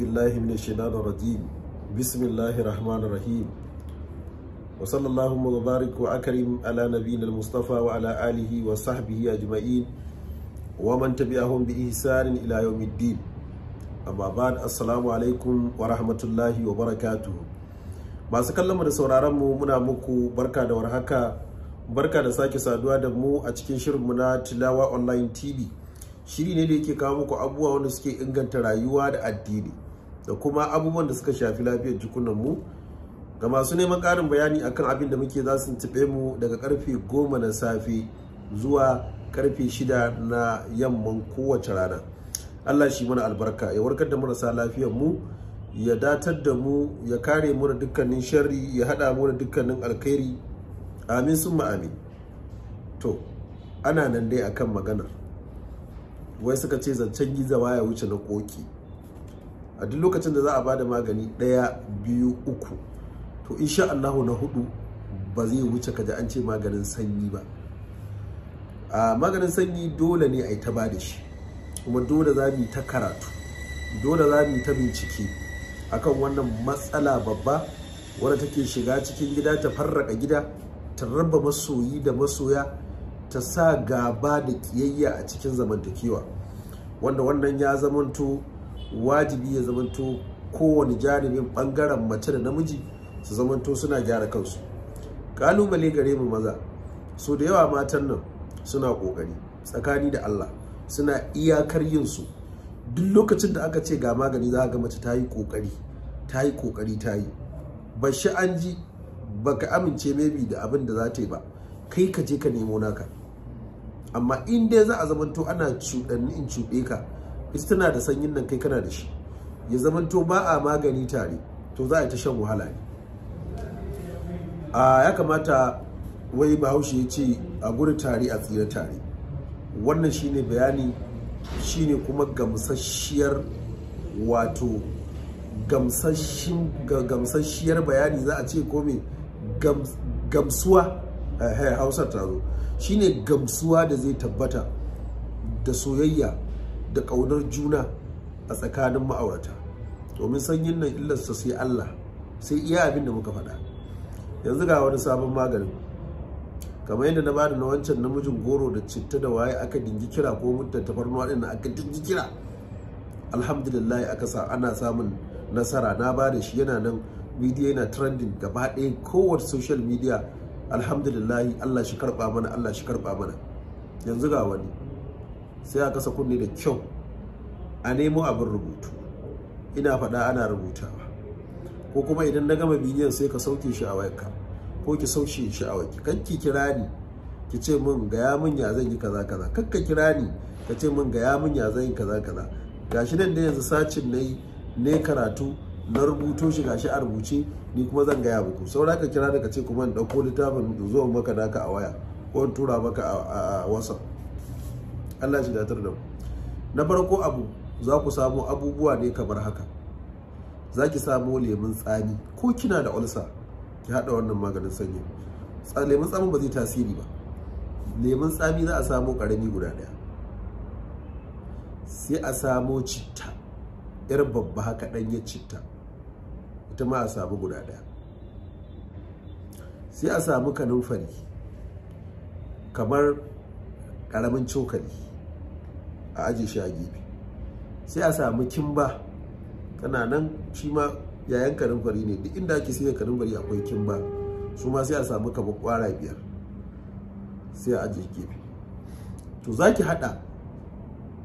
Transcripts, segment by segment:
rajim bismillahir rahmanir rahim wa sallallahu wa baraka wa Alihi ala nabiyina mustafa wa ala alihi wa sahbihi ajma'in wa man tabi'ahum bi ihsan ila yawmiddin amma ba'd assalamu alaikum wa rahmatullahi wa barakatuh masu kallon mu da sauraron mu muna muku barka da warhaka barka da sake saduwa da mu a cikin shirin mu na tilawa online tv shiri ne da yake kawo muku abubuwa wanda suke inganta rayuwa da addini da kuma abubuwan da suka shafi lafiyar jikunan mu ga masu neman ƙarin bayani akan abin da muke za su tibe mu daga karfe goma na safe zuwa karfe shida na yamman kowace rana Allah shi mana albarka ya warkar da marasa lafiyar mu ya datar da mu ya kare mu da dukkanin sharri ya hada mu da dukkanin alkhairi amin sun amin to ana nan dai akan maganar wai suka ce zancen gizawa ya wuce na koki a duk lokacin da za a bada magani ɗaya biyu uku to insha Allah na hudu ba zai wuce kaji an ce maganin sanyi ba a maganin sanyi dole ne a yi ta bada shi kuma dole za mu yi ta karatu dole za mu yi ta bincike akan wannan matsala babba wadda take shiga cikin gida ta farraka gida ta raba masoyi da masoya ta sa gaba da kiyayya a cikin zamantakewa wanda wannan ya zamanto wajibi ya zamanto kowane jarumin bangaren mace da namiji su zamanto suna gyara kansu kalubale gare mu maza so da yawa matan nan suna kokari tsakani da Allah suna iyakar yin su duk lokacin da aka ce ga magani za ga mace ta yi kokari ta yi kokari ta yi ba shi an ji baka amince maybe da abin da za ta yi ba kai ka je ka nemo naka amma in dai za a zamanto ana cuɗanni in cuɗe ka ita tana da sanyin nan kai kana da shi ya zama to ba a magani tare to za a yi ta shan wahala ne a ya kamata wai bahaushe ya ce a guri tare a tsira tare wannan shine bayani shine kuma gamsasshiyar wato gamsasshiyar bayani za a ce ko me gamsuwa eh, eh, hausar ta zo shine gamsuwa da zai tabbata da soyayya da ƙaunar juna a tsakanin ma'aurata domin sanyin nan illarsa sai Allah sai iya abin da muka faɗa yanzu ga wani sabon maganin kamar yadda na bada na wancan namijin goro da citta da waye aka dingi kira ko mutta tafarnuwa din aka dingi kira alhamdulillah aka sa ana samun nasara na ba da shi yana nan media yana trending gaba ɗaya kowace social media alhamdulillah Allah shi karɓa mana Allah shi karɓa mana yanzu ga wani sai a kasa kunne da kyau a nemo abin rubutu ina faɗa ana rubutawa ko kuma idan na gama bidiyon sai ka sauke shi a wayarka ko ki sauke shi a wayarki kan ki kira ni ki ce min gaya min ya zan yi kaza kaza kan ka kira ni ka ce min gaya min ya zan yi kaza kaza gashi nan da yanzu sacin nayi ne karatu na rubuto shi gashi a rubuce ni kuma zan gaya muku saura ka kira da ka ce kuma in ɗauko littafin zuwa maka naka a waya ko in tura maka a whatsapp Allah shi datar da ku. na farko abu za ku samu abubuwa ne kamar haka za ki samu lemun tsami ko kina da ulsa ki haɗa wannan maganin sanyi lemun tsami ba zai tasiri ba lemun tsami za a samu ƙarami guda ɗaya sai a samo citta yar babba haka ya citta ita ma a samu guda ɗaya sai a samu kanunfari kamar karamin cokali a aje shi a gefe sai a samu kimba tana nan shi ma yayan fari ne duk inda ake sai fari akwai kimba su ma sai a samu kaba kwara biyar sai a aje gefe to za ki haɗa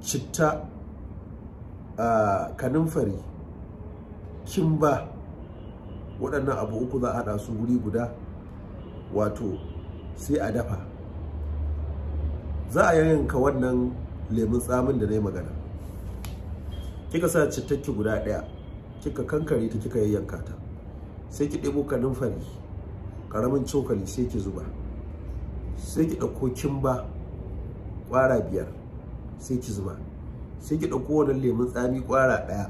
citta a fari kimba waɗannan abu uku za a haɗa su wuri guda wato sai a dafa za a yanka wannan lemun tsamin da na yi magana kika sa cittakki guda ɗaya kika kankare ta kika yayyanka ta sai ki ɗebo kanin fari ƙaramin cokali sai ki zuba sai ki ɗauko kimba ƙwara biyar sai ki zuba sai ki ɗauko wannan lemun tsami ƙwara ɗaya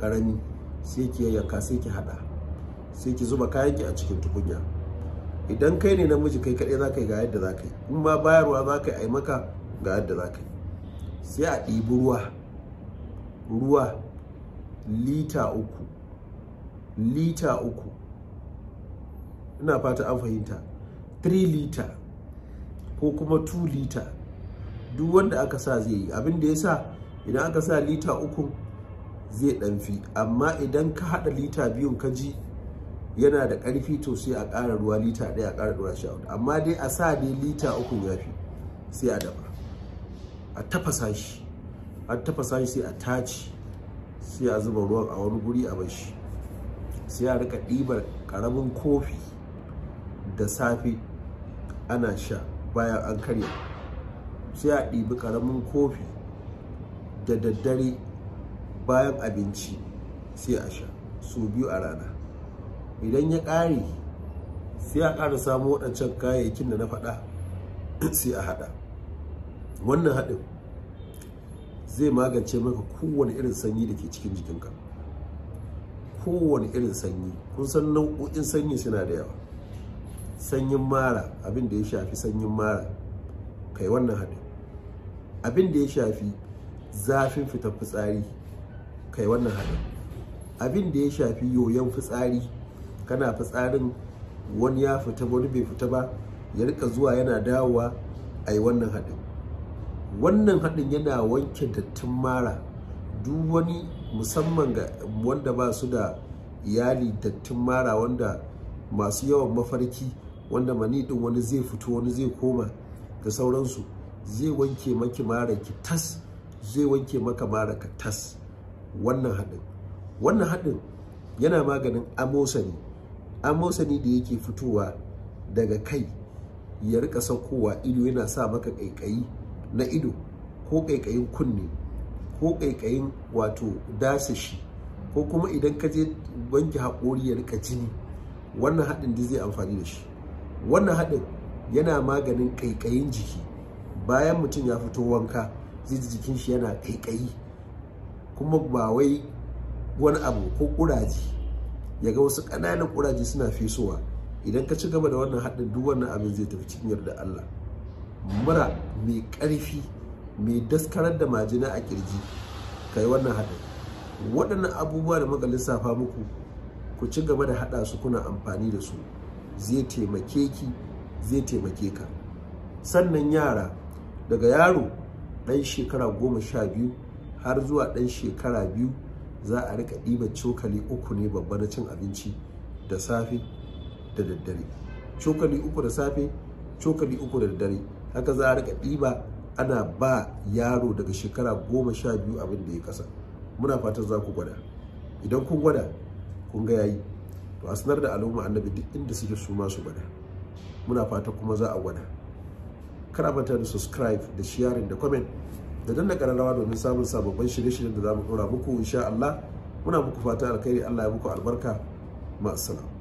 ƙarami sai ki yayyanka sai ki haɗa sai ki zuba kayanki a cikin tukunya idan kai ne namiji kai kaɗai za ka yi ga yadda za ka yi in ma bayarwa za ka yi a maka ga yadda za ka yi sai a ɗibi ruwa ruwa lita uku lita uku ina fata an fahimta 3 lita ko kuma 2 lita duk wanda aka sa zai yi abin da ya sa idan aka sa lita uku zai ɗanfi amma idan ka haɗa lita biyun ka ji yana da ƙarfi to sai a ƙara ruwa lita ɗaya a ƙara ruwa sha amma dai a sa dai lita uku ya fi sai a dafa a tafasa shi a tafasa shi sai a tace sai a zuba ruwan a wani guri a bar shi sai a rika ɗibar ƙaramin kofi da safe ana sha bayan an karya sai a ɗibi ƙaramin kofi da daddare bayan abinci sai a sha su biyu a rana idan ya ƙare sai a ƙara samu waɗancan kayayyakin da na faɗa sai a haɗa wannan haɗin zai magance maka kowane irin sanyi da ke cikin jikinka kowane irin sanyi kun san nau'o'in sanyi suna da yawa sanyin mara abin da ya shafi sanyin mara kai wannan haɗin abin da ya shafi zafin fitar fitsari kai wannan haɗin abin da ya shafi yoyon fitsari kana fitsarin wani ya fita wani bai fita ba ya rika zuwa yana dawowa a yi wannan haɗin wannan haɗin yana wanke dattin mara duk wani musamman ga wanda ba su da iyali dattin mara wanda masu yawan mafarki wanda mani ɗin wani zai fito wani zai koma da sauransu zai wanke maki mara ki tas zai wanke maka mara ka tas wannan haɗin wannan haɗin yana maganin amosani amosani da yake fitowa daga kai ya rika saukowa ido yana sa maka ƙaiƙayi na ido ko ƙaiƙayin kunne ko ƙaiƙayin wato dasashi ko kuma idan ka je wanke haƙori ya rika jini wannan haɗin da zai amfani da shi wannan haɗin yana maganin ƙaiƙayin jiki bayan mutum ya fito wanka zai ji jikin shi yana kaikayi kuma ba wai wani abu ko ƙuraje ya ga wasu ƙananan ƙuraje suna fesowa idan ka ci gaba da wannan haɗin duk wannan abin zai tafi cikin yarda Allah mura mai ƙarfi mai daskarar da majina a kirji yi wannan haɗin waɗannan abubuwa da muka lissafa muku ku ci gaba da haɗa su kuna amfani da su zai taimake ki zai taimake ka sannan yara daga yaro ɗan shekara goma sha biyu har zuwa ɗan shekara biyu za a rika ɗiba cokali uku ne babba na cin abinci da safe da daddare cokali uku da safe cokali uku da daddare haka za a rika ɗiba ana ba yaro daga shekara goma sha biyu abin da ya kasa muna fatan za ku gwada idan kun gwada kun ga yayi to a sanar da al'umma annabi duk inda suke su ma su gwada muna fatan kuma za a gwada kana manta da subscribe da sharing da comment da danna kararrawa domin samun sababbin shirye-shiryen da za mu dora muku insha Allah muna muku fatan alkhairi Allah ya muku albarka ma'asalam